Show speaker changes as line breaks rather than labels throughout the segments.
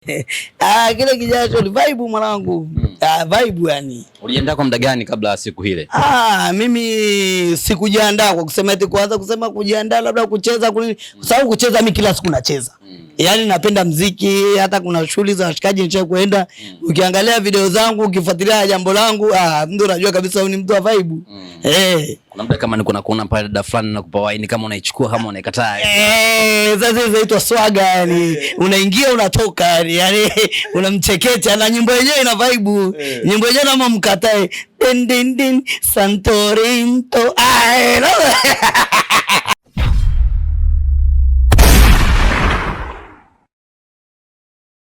Ah, kile ni vibe mwanangu. Ah, vibe yani.
Uliandaa kwa muda gani kabla ya siku ile?
Ah, mimi sikujiandaa kwa kusema eti kwanza kusema kujiandaa labda kucheza kulini. mm. sababu kucheza mimi kila siku nacheza. Mm. Yaani napenda mziki, hata kuna shughuli za washikaji nicha kuenda. Mm. Ukiangalia video zangu, ukifuatilia jambo langu, ah, mtu unajua kabisa ni mtu wa vibe. Mm. Eh.
Kuna muda kama niko nakuona pale dada fulani na kupa waini kama unaichukua kama unaikataa.
Eh, sasa inaitwa swaga yani. Eh. Unaingia unatoka yani, unamchekecha na nyimbo yenyewe ina vibe. Eh. Nyimbo hiyo kama mkatae din Santorinto I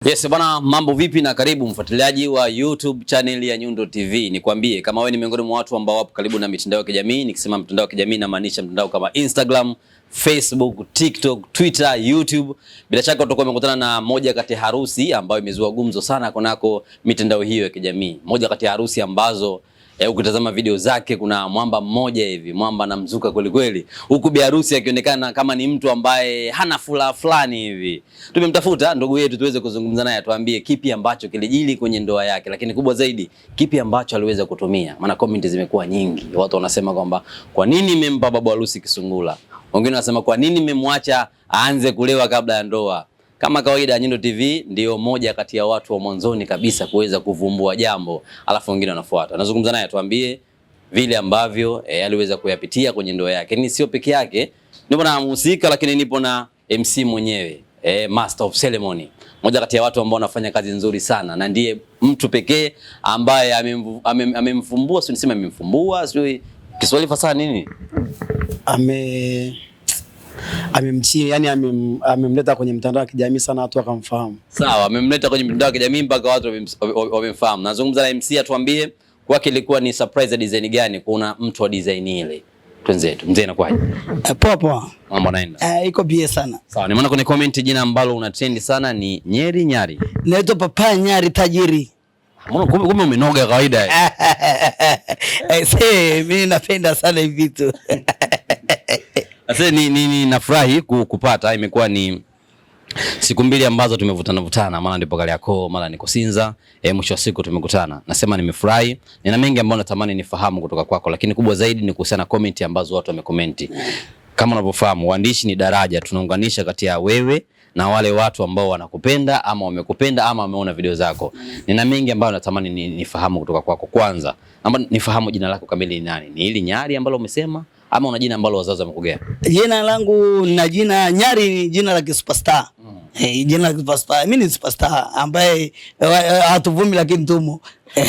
Yes, bwana mambo vipi na karibu mfuatiliaji wa YouTube channel ya Nyundo TV. Nikwambie kama wewe ni miongoni mwa watu ambao wapo karibu na mitandao ya kijamii, nikisema mitandao ya kijamii namaanisha mtandao kama Instagram Facebook, TikTok, Twitter, YouTube. Bila shaka tutakuwa tumekutana na moja kati ya harusi ambayo imezua gumzo sana kunako mitandao hiyo ya kijamii, moja kati ya harusi ambazo eh, ukitazama video zake kuna mwamba mmoja hivi mwamba anamzuka kweli kweli, huku bi akionekana kama ni mtu ambaye hana furaha fulani hivi. Tumemtafuta ndugu yetu tuweze kuzungumza naye, atuambie kipi ambacho kilijili kwenye ndoa yake, lakini kubwa zaidi kipi ambacho aliweza kutumia, maana comment zimekuwa nyingi, watu wanasema kwamba kwa nini imempa babu harusi kisungula, wengine wanasema kwa nini imemwacha aanze kulewa kabla ya ndoa. Kama kawaida Nyundo TV ndio moja kati ya watu wa mwanzoni kabisa kuweza kuvumbua jambo, alafu wengine wanafuata. Nazungumza naye atuambie vile ambavyo e, aliweza kuyapitia kwenye ndoa yake. Ni sio peke yake, nipo na mhusika, lakini nipo na MC mwenyewe e, Master of Ceremony, moja kati ya watu ambao wanafanya kazi nzuri sana na ndiye mtu pekee ambaye amemfumbua, sio nisema amemfumbua, sio Kiswahili fasaha nini
ame amemchia yani amem, amemleta kwenye mtandao wa kijamii sana, watu wakamfahamu.
Sawa, amemleta kwenye mtandao wa kijamii mpaka watu wamemfahamu. Nazungumza na MC, atuambie kwake ilikuwa ni surprise ya design gani kuna mtu wa design ile. Twenzetu mzee, inakuwaje?
Eh, poa poa,
mambo naenda
eh, iko bie sana.
Sawa, nimeona kwenye comment jina ambalo una trend sana ni Nyeri Nyari.
Naitwa Papa Nyari tajiri.
Mbona kumbe kumbe umenoga kawaida
eh? Eh, mimi napenda sana hivi vitu
Sasa ni, ni, ni nafurahi kupata, imekuwa ni siku mbili ambazo tumevutana vutana, mara ndipo Kariakoo, mara niko Sinza. E, mwisho wa siku tumekutana. Nasema nimefurahi, nina mengi ambayo natamani nifahamu kutoka kwako, lakini kubwa zaidi ni kuhusiana na comment ambazo watu wamecomment. Kama unavyofahamu, uandishi ni daraja, tunaunganisha kati ya wewe na wale watu ambao wanakupenda ama wamekupenda ama wameona video zako. Nina mengi ambayo natamani nifahamu kutoka kwako. Kwanza, nifahamu jina lako kamili ni nani? Ni hili Nyari ambalo umesema ama una jina ambalo wazazi wamekugea?
Jina langu na jina Nyari ni jina la superstar. Mm. Hey, eh, jina la superstar. Mimi ni superstar ambaye eh, hatuvumi lakini tumo.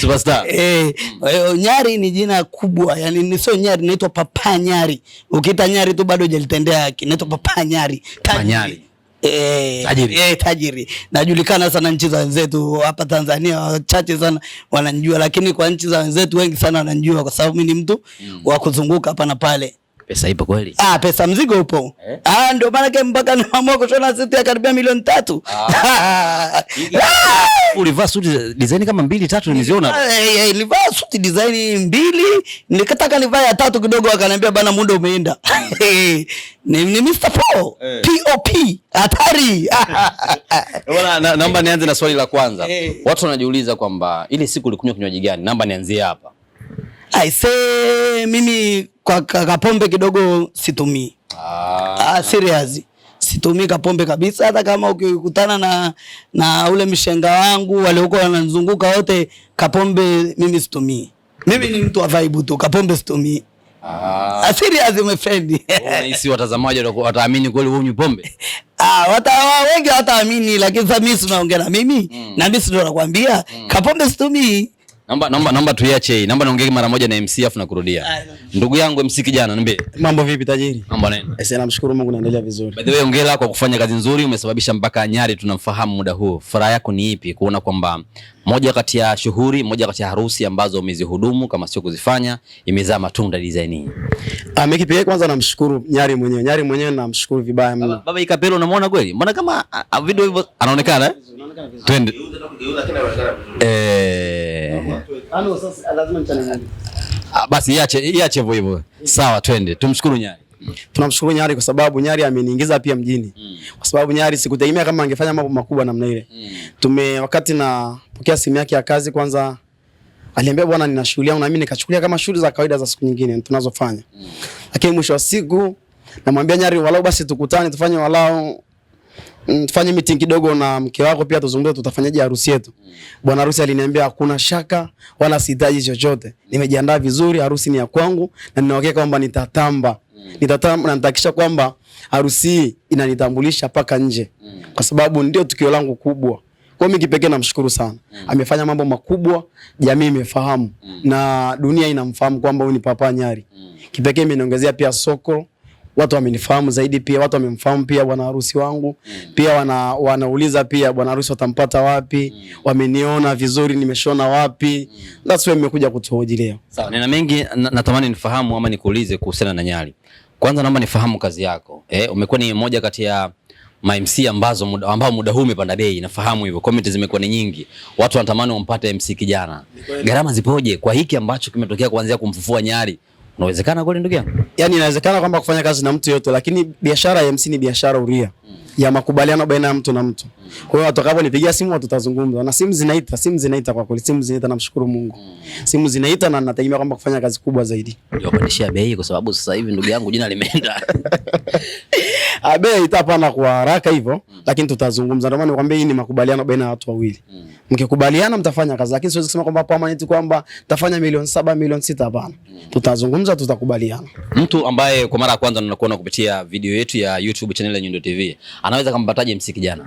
Superstar. Eh, hey, Nyari ni jina kubwa. Yaani ni sio Nyari, naitwa Papa Nyari. Ukiita Nyari tu bado hujalitendea haki. Naitwa Papa Nyari. Papa Nyari. Eh, tajiri. E, tajiri najulikana sana nchi za wenzetu hapa Tanzania, wachache sana wananijua, lakini kwa nchi za wenzetu wengi sana wananijua kwa sababu mimi ni mtu mm. wa kuzunguka hapa na pale
Pesa ipo kweli?
Ah, pesa mzigo upo. Eh? Ah, ndio maana ke mpaka naamua kushona suti ya karibia milioni tatu. Ah.
ah! Ulivaa suti design kama mbili tatu niliziona.
Eh, eh, eh, nilivaa suti design mbili, nikataka nivae ya tatu kidogo akaniambia bana muda umeenda. Ni ni Mr. Paul. Eh. POP hatari.
Bwana, na, naomba nianze na swali la kwanza. Eh. Watu wanajiuliza kwamba ile siku ulikunywa kinywaji gani? Naomba nianzie hapa.
I say mimi kwa kapombe kidogo situmii. Ah, ah, serious situmii kapombe kabisa, hata kama ukikutana na na ule mshenga wangu waliokuwa wananizunguka wote, kapombe mimi situmii. Mimi ni mtu wa vibe tu, kapombe situmii. Ah, ah serious my friend.
Unahisi watazamaji wataamini kweli wewe unyupombe?
Ah, wata wengi wataamini, lakini sasa mimi tunaongea na mimi mm. na mimi ndio nakwambia mm. kapombe situmii.
Naomba naomba naomba tuiache hii. Naomba niongee mara moja na MC afu nakurudia. Ah, Ndugu yangu MC kijana niambie.
Mambo vipi tajiri? Mambo neno. Eh, namshukuru Mungu naendelea vizuri.
By the way, hongera kwa kufanya kazi nzuri umesababisha mpaka Nyari tunamfahamu muda huu. Furaha yako ni ipi kuona kwamba moja kati ya shughuli, moja kati ya harusi ambazo umezihudumu kama sio kuzifanya imezaa matunda design hii?
Ah, mimi kipekee kwanza namshukuru Nyari mwenyewe. Nyari mwenyewe namshukuru vibaya
mno. Baba Ikapelo unamwona kweli? Mbona kama ah, ah, video hivyo anaonekana eh? twende
eh. yaani ah,
ah, basi, iache iache hivyo hivyo. Sawa, twende tumshukuru Nyari.
Tunamshukuru Nyari kwa sababu Nyari ameniingiza pia mjini mm. Kwa sababu Nyari sikutegemea kama angefanya mambo makubwa namna ile mm. Tume wakati napokea simu yake ya kazi, kwanza aliambia bwana, nina shughuli yangu, na mimi nikachukulia kama shughuli za kawaida za siku nyingine tunazofanya mm. Lakini mwisho wa siku namwambia Nyari, walau basi tukutane tufanye walau Mm, tufanye meeting kidogo na mke wako pia tuzungumze, tutafanyaje harusi yetu. Bwana harusi aliniambia hakuna shaka wala sihitaji chochote, nimejiandaa vizuri, harusi ni ya kwangu na ninahakika kwamba nitatamba, mm. nitatamba na nitahakikisha kwamba harusi inanitambulisha paka nje, mm. kwa sababu ndio tukio langu kubwa. Kwa mimi kipekee namshukuru sana, amefanya mambo makubwa, jamii imefahamu na dunia inamfahamu kwamba huyu ni Papa Nyari. Kipekee imeniongezea pia soko watu wamenifahamu zaidi, pia watu wamemfahamu pia bwana harusi wangu mm. pia wana, wanauliza pia bwana harusi watampata wapi mm. wameniona vizuri, nimeshona wapi mm. that's why nimekuja kutuhoji leo.
Sawa, nina mengi natamani nifahamu ama nikuulize kuhusiana na Nyali. Kwanza naomba nifahamu kazi yako eh, umekuwa ni moja kati ya ma MC ambazo muda, ambao muda huu umepanda bei, nafahamu hivyo. Comment zimekuwa ni nyingi, watu wanatamani wampate MC kijana. Gharama zipoje kwa hiki ambacho kimetokea kuanzia kumfufua Nyali Unawezekana kweli ndugu yangu?
Yaani inawezekana kwamba kufanya kazi na mtu yote, lakini biashara ya MC ni biashara huria mm. ya makubaliano baina ya mtu na mtu. Kwa hiyo nipigia simu tutazungumza. Na simu zinaita, simu zinaita kwa kweli, simu zinaita na mshukuru Mungu. Simu zinaita na nategemea kwamba kufanya kazi kubwa zaidi.
Ndio kuendeshia bei kwa sababu sasa hivi ndugu yangu jina limeenda.
Ah, bei itapanda kwa haraka hivyo, lakini tutazungumza. Ndio maana nikwambia hii ni makubaliano baina ya watu wawili mkikubaliana mtafanya kazi, lakini siwezi kusema kwamba permanent kwamba tafanya milioni saba milioni sita. Hapana, tutazungumza, tutakubaliana.
Mtu ambaye kwa mara ya kwanza nakuona kupitia video yetu ya YouTube channel ya Nyundo TV anaweza kumpataje MC Kijana?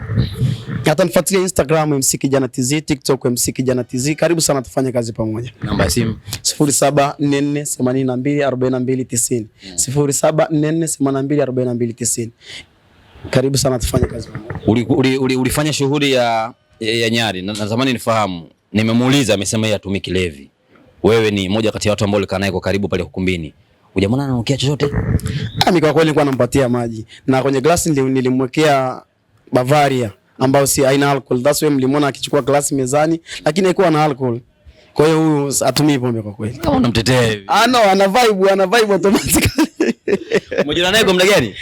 Hata nifuatilie Instagram MC Kijana TZ, TikTok MC Kijana TZ. Karibu sana tufanye kazi pamoja. Namba ya simu 0744824290. 0744824290. Hmm. Karibu sana tufanye kazi
pamoja. Ulifanya shughuli ya ya ya Nyari na na zamani nifahamu. Nimemuuliza, amesema yeye hatumii kilevi. Wewe ni moja kati ya watu ambao ulikaa naye kwa karibu pale ukumbini, hujamwona ananukia chochote?
Ah, Mimi kwa kweli nilikuwa nampatia maji na kwenye glasi nilimwekea Bavaria ambayo si haina alcohol. That's why mlimwona akichukua glasi mezani, lakini haikuwa na alcohol. Kwa hiyo huyu atumii pombe kwa kweli.
Kama unamtetea hivi.
Ah, no, ana vibe, ana vibe automatically.
Umejuana naye kwa muda gani?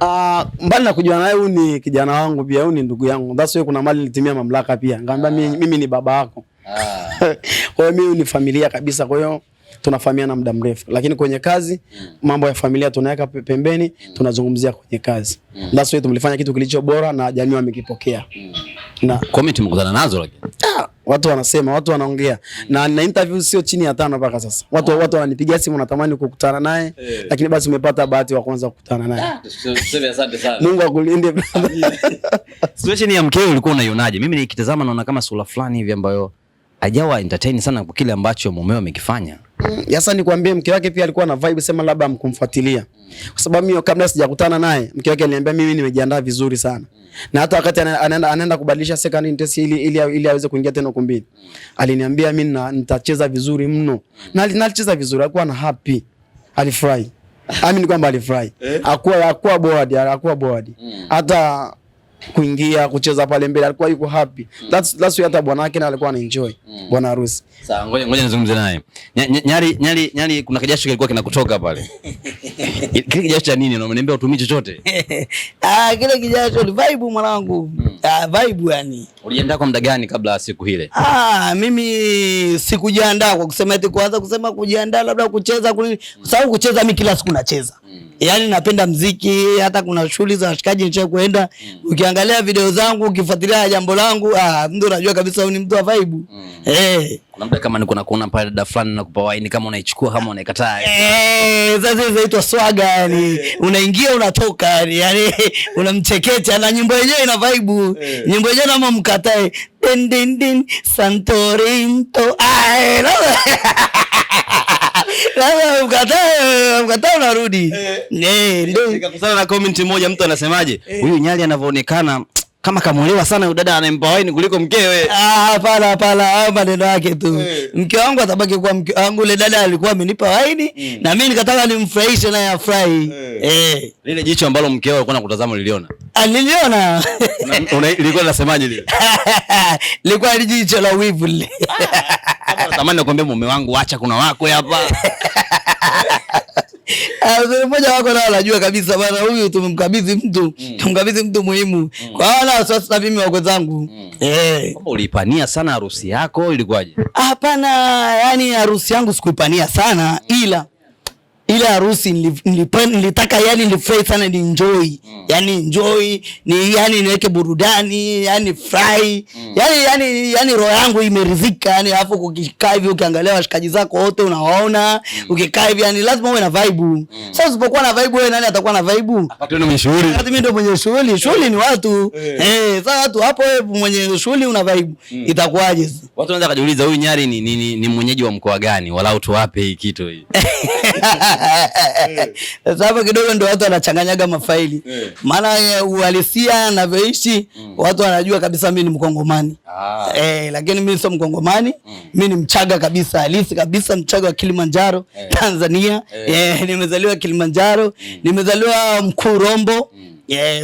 Uh, mbali na kujuana naye, huyu ni kijana wangu pia, huyu ni ndugu yangu. That's why kuna mali nilitumia mamlaka pia, nikamwambia mimi, ah. mimi ni baba yako. Ah. Kwa hiyo mimi ni familia kabisa, kwa hiyo tunafahamiana muda mrefu, lakini kwenye kazi mm. mambo ya familia tunaweka pembeni, mm. tunazungumzia kwenye kazi. mm. That's why tumlifanya kitu kilicho bora na jamii wamekipokea.
mm. Na comment mkutana nazo lakini
ah, watu wanasema, watu wanaongea mm. na na interview sio chini ya tano mpaka sasa. Watu ah. watu wananipigia simu, natamani kukutana naye, eh. lakini basi umepata bahati wa kwanza kukutana naye. Ah, asante sana, Mungu akulinde.
Situation ya mkeo ulikuwa unaionaje? Mimi nikitazama naona kama sura fulani hivi ambayo ajawa entertain sana kwa kile ambacho mumeo amekifanya.
Sasa mm, nikwambie mke wake pia alikuwa na vibe sema labda amkumfuatilia. Kwa sababu mimi kabla sijakutana naye, mke wake aliniambia mimi nimejiandaa vizuri sana. Na hata wakati anaenda anaenda kubadilisha second test ili ili ili aweze kuingia tena ukumbini. Aliniambia mimi na nitacheza vizuri mno. Na alicheza vizuri, alikuwa na happy. Alifurahi. Amini kwamba alifurahi. Eh? Hakuwa hakuwa bored, hakuwa bored. Mm. Hata kuingia kucheza pale mbele, alikuwa yuko happy mm. that's that's why hata bwana yake na alikuwa anaenjoy mm. bwana harusi.
Sawa, ngoja ngoja nizungumze naye nyari nyari nyari. Kuna kijasho kilikuwa kinakutoka pale, kile kijasho cha nini? Unaniambia utumie chochote?
Ah, kile kijasho ni vibe mwanangu mm. ah, vibe yani.
Ulijiandaa kwa muda gani kabla siku ile?
Ah, mimi sikujiandaa kwa kusema eti, kwanza kusema kujiandaa labda kucheza, kwa mm. sababu kucheza mimi kila siku nacheza mm. Mm. Yaani napenda mziki, hata kuna shughuli za washikaji nicha kuenda. Mm. Ukiangalia video zangu, ukifuatilia jambo langu, ah, mtu unajua kabisa ni mtu wa vibe. Mm. Eh. Hey.
Kuna muda kama niko nakuona pale dada fulani na kupa wine kama unaichukua kama unaikataa.
Yaani. Eh, sasa hizo zaitwa swaga yani. Eh. Unaingia unatoka yani. Yaani, yaani unamcheketa na nyimbo yenyewe ina vibe. Hey. Eh. Nyimbo yenyewe na mkatae din din din Santorinto to. Ah, eh, amkataa eh, unarudi.
Eh, eh, na comment moja, mtu anasemaje, huyu Nyali anavyoonekana kama kamuolewa sana yule dada anayempa waini kuliko mkewe.
Ah, hapana hapana, hayo maneno yake tu. Hey. Mke wangu atabaki kuwa mke wangu. Yule dada alikuwa amenipa waini mm, na mimi nikataka nimfurahishe naye afurahi. Hey. Hey.
Lile jicho ambalo mkewe alikuwa anakutazama niliona.
Ah, niliona. Una, lile? Lilikuwa jicho la wivu lile. Ah.
Natamani nakwambia mume wangu, acha kuna wakwe hapa.
Ah, mmoja wako nao anajua kabisa bana, huyu tumemkabidhi mtu mm. tumkabidhi mtu muhimu mm. kwa wana wasiwasi na mimi wako zangu mm. eh,
kama ulipania sana harusi yako ilikuwaje?
Hapana, yani harusi yangu sikuipania sana mm. ila ile harusi nilitaka yani nilifurahi sana ni enjoy mm. yani enjoy ni yani niweke burudani yani fry mm. yani yani yani roho yangu imeridhika yani, hapo ukikaa hivi ukiangalia washikaji zako wote unawaona mm. ukikaa hivi yani lazima uwe na vibe mm. sasa usipokuwa na vibe wewe nani atakuwa na vibe
wakati mwenye shughuli
wakati mimi ndio mwenye shughuli shughuli ni watu eh hey. Eh, hey, sasa watu hapo wewe mwenye shughuli una vibe mm. itakuwaje
watu wanaanza kujiuliza huyu nyari ni, ni, ni, ni mwenyeji wa mkoa gani walau tuwape hii kitu hii
Eh. Sasa hapa kidogo ndio watu wanachanganyaga mafaili, eh. maana uhalisia navyoishi mm. watu wanajua kabisa mimi ni Mkongomani ah. eh, lakini mimi sio Mkongomani, mm. mimi ni Mchaga kabisa halisi kabisa, Mchaga wa Kilimanjaro eh. Tanzania. Eh, nimezaliwa Kilimanjaro, mm. nimezaliwa Mkurombo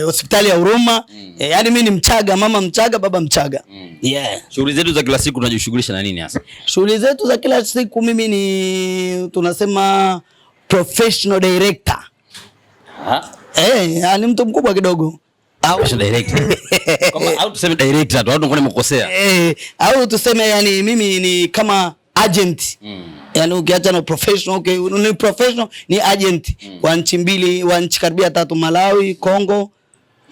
hospitali yeah, ya Huruma mm. Yeah, yaani mimi ni Mchaga, mama Mchaga, baba Mchaga
mm. Yeah. Shughuli zetu za kila siku tunajishughulisha na nini hasa?
Shughuli zetu za kila siku mimi ni tunasema professional director. Eh, ni mtu mkubwa kidogo
au tuseme director tu, au nimekosea?
Eh, au tuseme yani mimi ni kama agent mm. Yani ukiacha na professional okay, ni professional ni agent mm. wa nchi mbili wa nchi karibia tatu, Malawi, Kongo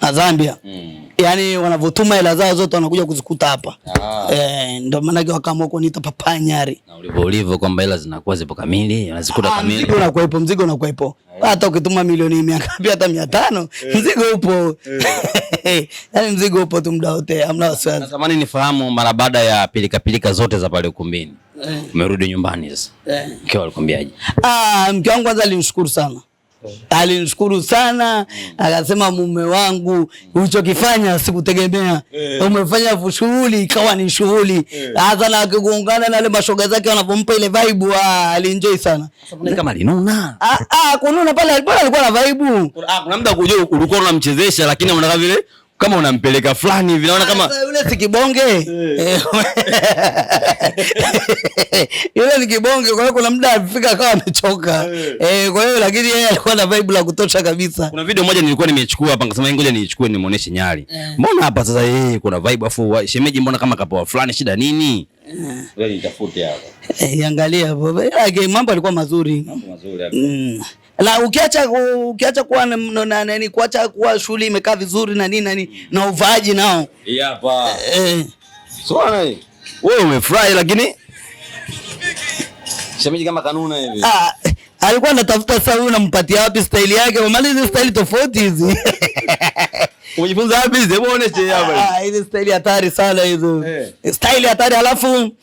na Zambia mm. Yaani wanavyotuma hela zao zote wanakuja kuzikuta hapa ah. E, ndio maana yake wakaamua kuniita Papa Nyari,
na ulivyo ulivyo kwamba hela zinakuwa zipo kamili, unazikuta ah, kamili,
mzigo unakuwepo, mzigo unakuwepo eh. hata ukituma milioni mia ngapi hata mia tano eh. mzigo upo yaani mzigo upo tu muda wote, hamna wasiwasi.
Natamani nifahamu, mara baada ya pilika pilika zote za pale ukumbini, umerudi nyumbani sasa, mkeo alikwambiaje?
Ah, Mke wangu kwanza alimshukuru sana Alinishukuru sana, akasema mume wangu, ulichokifanya sikutegemea, eh. umefanya shughuli ikawa ni shughuli eh. hasa, na akigongana na ile mashoga zake wanapompa ile vibe, alienjoy sana.
Kama linuna.
Ah, ah, kununa pale, alikuwa na vibe.
Kuna ah, muda kujua ulikuwa unamchezesha, lakini unaona vile kama unampeleka fulani hivi naona kama
yule si kibonge eh. yule ni kibonge. Kwa hiyo kuna muda alifika akawa amechoka eh. eh, kwa hiyo lakini yeye alikuwa na vibe la kutosha kabisa.
Kuna video moja nilikuwa nimechukua hapa, nikasema ngoja niichukue nimuoneshe Nyali, eh. mbona hapa sasa yeye kuna vibe afu shemeji, mbona kama kapoa fulani, shida nini? Ngoja nitafute
hapa, angalia hapo, mambo alikuwa mazuri, mambo
mazuri hapo. Mm.
La ukiacha ukiacha kuwa na nani kuacha kuwa shule imekaa vizuri na nini nani na uvaaji nao. Hapa. Eh. eh.
Sio nani? Wewe umefurahi lakini shemeji kama kanuna hivi.
Ah, alikuwa anatafuta sasa huyu nampatia wapi style yake? Kwa maana hizi style tofauti hizi.
Umejifunza wapi hizi? Hebu oneshe hapa.
Ah, hizi style hatari sana hizo. Eh. Style hatari halafu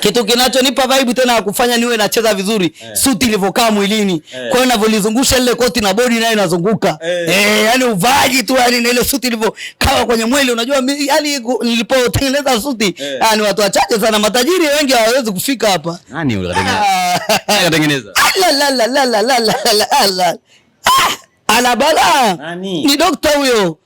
kitu kinachonipa vibe tena ya kufanya niwe nacheza vizuri eh, Suti ilivyokaa mwilini eh, Kwa hiyo ninavyolizungusha ile koti na bodi nayo inazunguka eh, Eh, yani uvaji tu yani na ile suti ilivyokaa kwenye mwili, unajua yani nilipotengeneza suti yeah. Ni watu wachache sana, matajiri wengi hawawezi kufika hapa. Nani yule katengeneza? la la la la la la ala bala nani? Ni dokta huyo,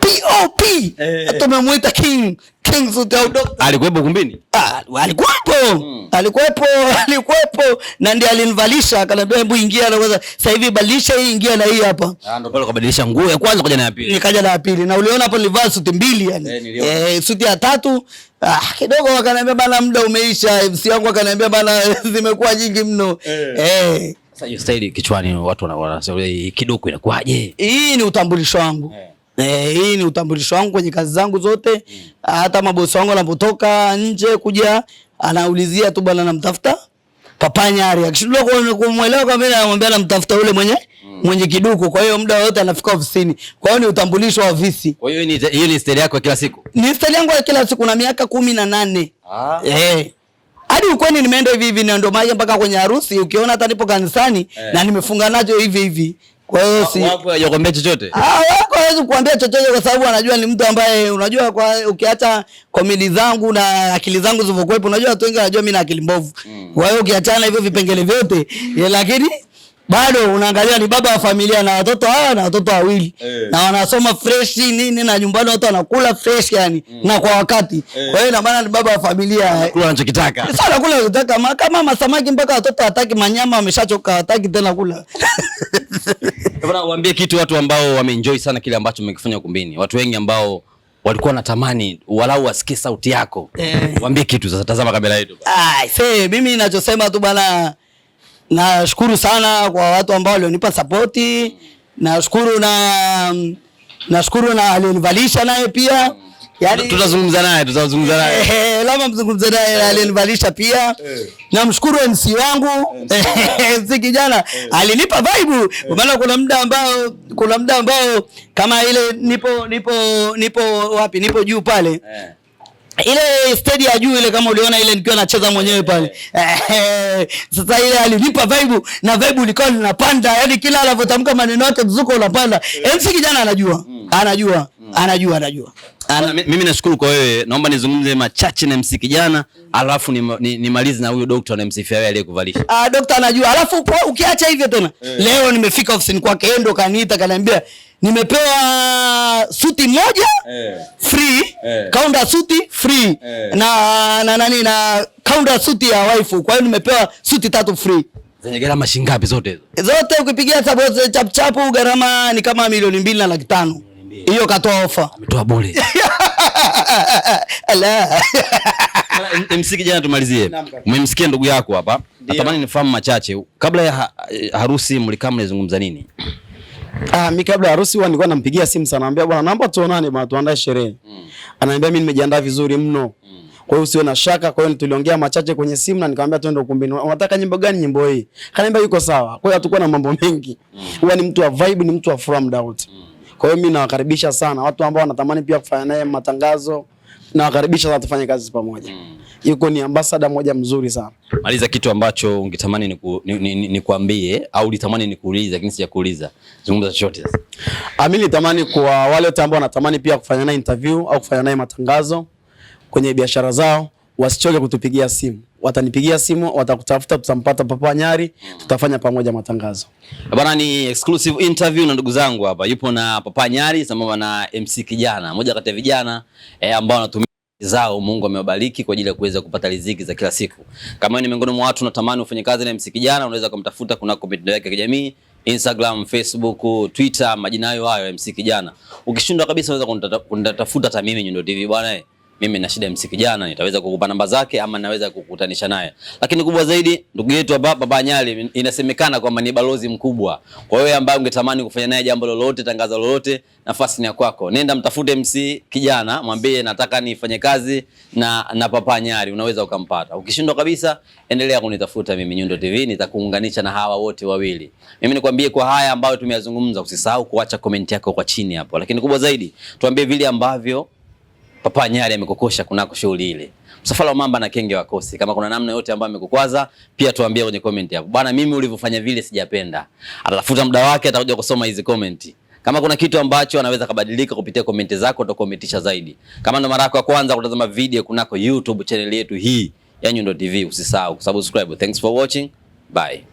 pop Eh. tumemwita king things without doctor.
Alikuwepo kumbini?
Ah, alikuwepo. Mm. Alikuwepo, alikuwepo na ndiye alinivalisha akaniambia hebu ingia na kwanza sasa hivi badilisha hii ingia na hii hapa.
Ah, ndio pale kubadilisha nguo ya kwanza kaja na ya pili.
Nikaja na ya pili. Na uliona hapo nilivaa suti mbili yani. Eh, e, suti ya tatu Ah, kidogo wakaniambia bana muda umeisha. MC wangu akaniambia bana zimekuwa nyingi mno. Eh. eh.
Sasa hiyo staili kichwani watu wanasema kidogo inakuwaje?
Hii ni utambulisho wangu. Hey. Eh. Eh, hii ni utambulisho wangu kwenye kazi zangu zote. Mm. Hata mabosi wangu wanapotoka nje kuja anaulizia tu bwana, namtafuta Papanya Ari. Akishindwa kumuelewa kwa mimi anamwambia namtafuta yule mwenye mm. mwenye kiduko. Kwa hiyo muda wote anafika ofisini. Kwa hiyo ni utambulisho wa ofisi.
Kwa hiyo ni hiyo ni stori yako kila siku.
Ni stori yangu ya kila siku na miaka kumi na nane. Ah. Eh. Hadi ukweni nimeenda hivi hivi na ndo maji mpaka kwenye harusi ukiona hata nipo kanisani eh, na nimefunga nacho hivi hivi.
Kwa hiyo si wako hajakwambia chochote.
Ah, wako hawezi kuambia chochote kwa sababu anajua ni mtu ambaye unajua, kwa ukiacha komedi zangu na akili zangu zilivyokuwepo, unajua watu wengi wanajua mimi na akili mbovu. Mm. Kwa hiyo ukiachana hivyo vipengele vyote, mm. lakini bado unaangalia ni baba wa familia na watoto hawa na watoto wawili hey. Eh. na wanasoma fresh nini na nyumbani watu wanakula fresh yani mm. na kwa wakati hey. Eh. kwa hiyo ina maana ni baba wa familia eh.
kula anachokitaka
sasa anakula anachotaka ma, kama mama samaki mpaka watoto hataki manyama wameshachoka hataki tena kula
bwana waambie kitu watu ambao wameenjoy sana kile ambacho mmekifanya ukumbini watu wengi ambao walikuwa wanatamani walau wasikie sauti yako eh. waambie kitu sasa tazama kamera yetu
ai see mimi ninachosema tu bwana Nashukuru sana kwa watu ambao walionipa sapoti, nashukuru na nashukuru na alionivalisha naye pia
Yaani tutazungumza naye, tutazungumza naye. Eh,
eh, eh lazima mzungumze naye eh. alionivalisha pia. Namshukuru MC wangu. MC kijana alinipa vibe. Kwa maana kuna muda ambao kuna muda ambao kama ile nipo nipo nipo wapi? Nipo juu pale ile stendi ya juu ile, kama uliona ile nikiwa nacheza mwenyewe pale Sasa ile alinipa vibe na vibe ilikuwa linapanda yani kila anavyotamka maneno yake mzuko unapanda. Eh. MC kijana anajua, mm. Mm. anajua, anajua, anajua.
Ana, mimi nashukuru kwa wewe, naomba nizungumze machache na MC kijana Alafu nimalize ni, ni na huyo dokta anayemsifia wewe aliyekuvalisha.
Ah, dokta anajua. Alafu kwa, ukiacha hivyo tena yeah. Leo nimefika ofisini kwake endo kaniita kaniambia nimepewa suti moja yeah. free yeah. kaunda suti free yeah. na na nani na kaunda suti ya waifu, kwa hiyo nimepewa suti tatu free
zenye gharama shilingi ngapi? Zote
zote ukipigia chapu chapchapu gharama ni kama milioni mbili na laki tano Eh. hiyo katoa ofa,
ametoa bure ala msiki jana tumalizie. Umemsikia ndugu yako hapa, natamani nifahamu machache kabla ya ha harusi. Mlikaa mlizungumza nini?
Ah, mimi kabla ya harusi huwa nilikuwa nampigia simu sana, anambia bwana, naomba tuonane bwana, tuandae sherehe mm. Anaambia mimi nimejiandaa vizuri mno mm. Kwa hiyo usiwe na shaka. Kwa hiyo tuliongea machache kwenye simu na nikamwambia twende ukumbini. Unataka nyimbo gani? Nyimbo hii. Kaniambia yuko sawa. Kwa hiyo hatakuwa na mambo mengi. Hmm. Huwa ni mtu wa vibe, ni mtu wa from doubt. Mm. Kwa hiyo mimi nawakaribisha sana watu ambao wanatamani pia kufanya naye matangazo, nawakaribisha sana tufanye kazi pamoja. Mm. Yuko ni ambasada moja mzuri sana.
Maliza kitu ambacho ungetamani nikwambie ni, ni, ni, ni au litamani nikuulize lakini sijakuuliza. Zungumza chochote sasa.
Amini ah, nitamani kwa wale wote ambao wanatamani pia kufanya naye interview au kufanya naye matangazo kwenye biashara zao wasichoke kutupigia simu, watanipigia simu, watakutafuta, tutampata Papa Nyari, tutafanya pamoja matangazo
bana. Ni exclusive interview na ndugu zangu hapa, yupo na Papa Nyari sambamba na MC Kijana, moja kati ya vijana eh, ambao wanatumia zao Mungu amewabariki kwa ajili ya kuweza kupata riziki za kila siku. Kama ni miongoni mwa watu unatamani ufanye kazi na MC Kijana, unaweza kumtafuta kuna mitandao yake ya kijamii Instagram, Facebook, Twitter, majina hayo hayo MC Kijana. Ukishindwa kabisa unaweza kunitafuta hata mimi Nyundo TV bwana. Eh, mimi na shida msiki jana, nitaweza kukupa namba zake ama naweza kukutanisha naye. Lakini kubwa zaidi, ndugu yetu hapa Baba Nyali inasemekana kwamba ni balozi mkubwa. Kwa hiyo ambaye ungetamani kufanya naye jambo lolote, tangaza lolote, nafasi ni ya kwako. Nenda mtafute MC kijana, mwambie nataka nifanye kazi na na Papa Nyali, unaweza ukampata. Ukishindwa kabisa, endelea kunitafuta mimi Nyundo TV, nitakuunganisha na hawa wote wawili. Mimi nikwambie kwa haya ambayo tumeyazungumza, usisahau kuacha comment yako kwa chini hapo. Lakini kubwa zaidi, tuambie vile ambavyo Papa Nyari amekukosha kunako shughuli ile. Msafara wa mamba na kenge wakosi. Kama kuna namna yote ambayo amekukwaza, pia tuambie kwenye comment hapo. Bwana, mimi ulivyofanya vile sijapenda. Atafuta muda wake, atakuja kusoma hizi comment. Kama kuna kitu ambacho anaweza kabadilika kupitia comment zako, tutakomentisha zaidi. Kama ndo mara yako ya kwanza kutazama video kunako YouTube channel yetu hii ya Nyundo TV, usisahau kusubscribe. Thanks for watching. Bye.